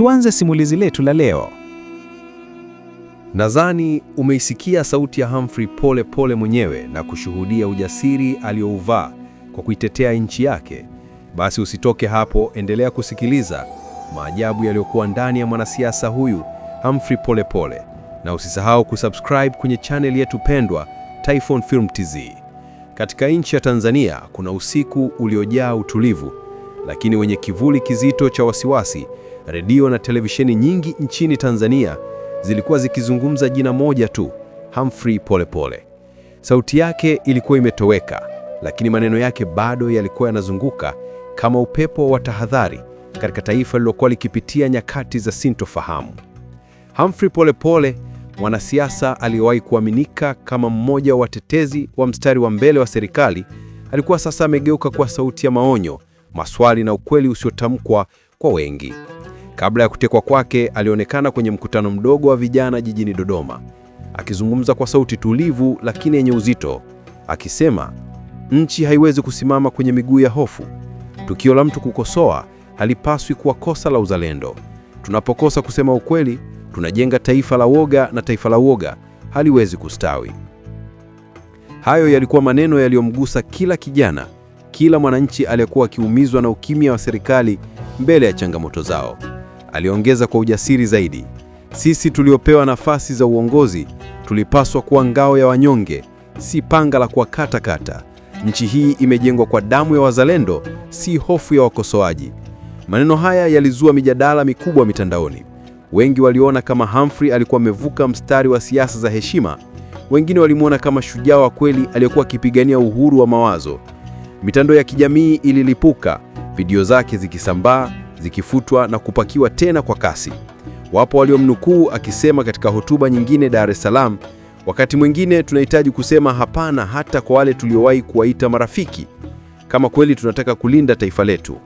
Tuanze simulizi letu la leo. Nadhani umeisikia sauti ya Humphrey pole pole mwenyewe na kushuhudia ujasiri aliouvaa kwa kuitetea nchi yake. Basi usitoke hapo, endelea kusikiliza maajabu yaliyokuwa ndani ya mwanasiasa huyu Humphrey pole pole, na usisahau kusubscribe kwenye chaneli yetu pendwa Typhoon Film TZ. Katika nchi ya Tanzania kuna usiku uliojaa utulivu, lakini wenye kivuli kizito cha wasiwasi redio na televisheni nyingi nchini Tanzania zilikuwa zikizungumza jina moja tu, Humphrey Polepole. Sauti yake ilikuwa imetoweka, lakini maneno yake bado yalikuwa yanazunguka kama upepo wa tahadhari katika taifa lilokuwa likipitia nyakati za sintofahamu. Humphrey Polepole, mwanasiasa aliyewahi kuaminika kama mmoja wa watetezi wa mstari wa mbele wa serikali, alikuwa sasa amegeuka kuwa sauti ya maonyo maswali na ukweli usiotamkwa kwa wengi. Kabla ya kutekwa kwake, alionekana kwenye mkutano mdogo wa vijana jijini Dodoma, akizungumza kwa sauti tulivu lakini yenye uzito, akisema nchi haiwezi kusimama kwenye miguu ya hofu. Tukio la mtu kukosoa halipaswi kuwa kosa la uzalendo. Tunapokosa kusema ukweli, tunajenga taifa la woga, na taifa la woga haliwezi kustawi. Hayo yalikuwa maneno yaliyomgusa kila kijana kila mwananchi aliyekuwa akiumizwa na ukimya wa serikali mbele ya changamoto zao. Aliongeza kwa ujasiri zaidi, sisi tuliopewa nafasi za uongozi tulipaswa kuwa ngao ya wanyonge, si panga la kata. Nchi hii imejengwa kwa damu ya wazalendo, si hofu ya wakosoaji. Maneno haya yalizua mijadala mikubwa mitandaoni. Wengi waliona kama Humphrey alikuwa amevuka mstari wa siasa za heshima, wengine walimwona kama shujaa wa kweli aliyekuwa akipigania uhuru wa mawazo. Mitandao ya kijamii ililipuka, video zake zikisambaa, zikifutwa na kupakiwa tena kwa kasi. Wapo waliomnukuu akisema katika hotuba nyingine Dar es Salaam, wakati mwingine tunahitaji kusema hapana hata kwa wale tuliowahi kuwaita marafiki, kama kweli tunataka kulinda taifa letu.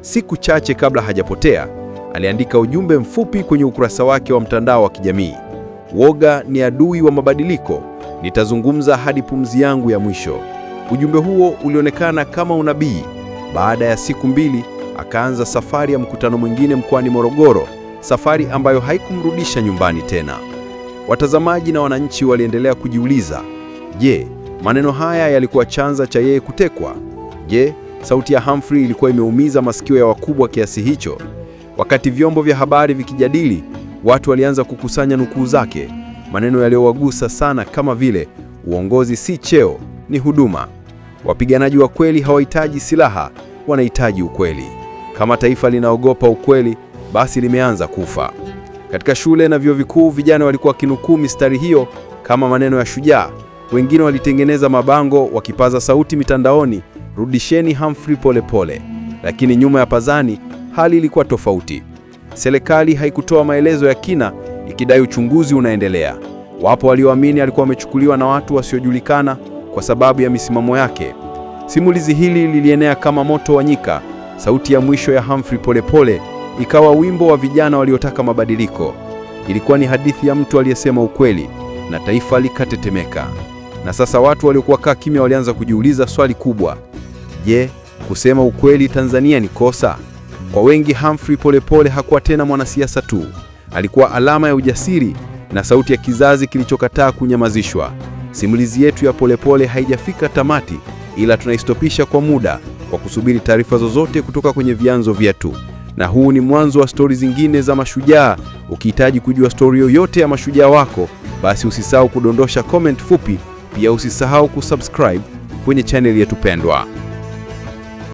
Siku chache kabla hajapotea, aliandika ujumbe mfupi kwenye ukurasa wake wa mtandao wa kijamii: woga ni adui wa mabadiliko, nitazungumza hadi pumzi yangu ya mwisho. Ujumbe huo ulionekana kama unabii. Baada ya siku mbili, akaanza safari ya mkutano mwingine mkoani Morogoro, safari ambayo haikumrudisha nyumbani tena. Watazamaji na wananchi waliendelea kujiuliza, je, maneno haya yalikuwa chanza cha yeye kutekwa? Je, sauti ya Humphrey ilikuwa imeumiza masikio ya wakubwa kiasi hicho? Wakati vyombo vya habari vikijadili, watu walianza kukusanya nukuu zake, maneno yaliyowagusa sana kama vile uongozi si cheo, ni huduma. Wapiganaji wa kweli hawahitaji silaha, wanahitaji ukweli. Kama taifa linaogopa ukweli, basi limeanza kufa. Katika shule na vyuo vikuu, vijana walikuwa wakinukuu mistari hiyo kama maneno ya shujaa. Wengine walitengeneza mabango wakipaza sauti mitandaoni, rudisheni Humphrey Polepole. Lakini nyuma ya pazani hali ilikuwa tofauti. Serikali haikutoa maelezo ya kina, ikidai uchunguzi unaendelea. Wapo walioamini alikuwa amechukuliwa na watu wasiojulikana kwa sababu ya misimamo yake. Simulizi hili lilienea kama moto wa nyika. Sauti ya mwisho ya Humphrey Polepole ikawa wimbo wa vijana waliotaka mabadiliko. Ilikuwa ni hadithi ya mtu aliyesema ukweli na taifa likatetemeka. Na sasa watu waliokuwa kaa kimya walianza kujiuliza swali kubwa: je, kusema ukweli Tanzania ni kosa? Kwa wengi, Humphrey Polepole hakuwa tena mwanasiasa tu, alikuwa alama ya ujasiri na sauti ya kizazi kilichokataa kunyamazishwa. Simulizi yetu ya Polepole haijafika tamati, ila tunaistopisha kwa muda kwa kusubiri taarifa zozote kutoka kwenye vyanzo vyetu, na huu ni mwanzo wa stori zingine za mashujaa. Ukihitaji kujua stori yoyote ya mashujaa wako, basi usisahau kudondosha comment fupi. Pia usisahau kusubscribe kwenye chaneli yetu pendwa.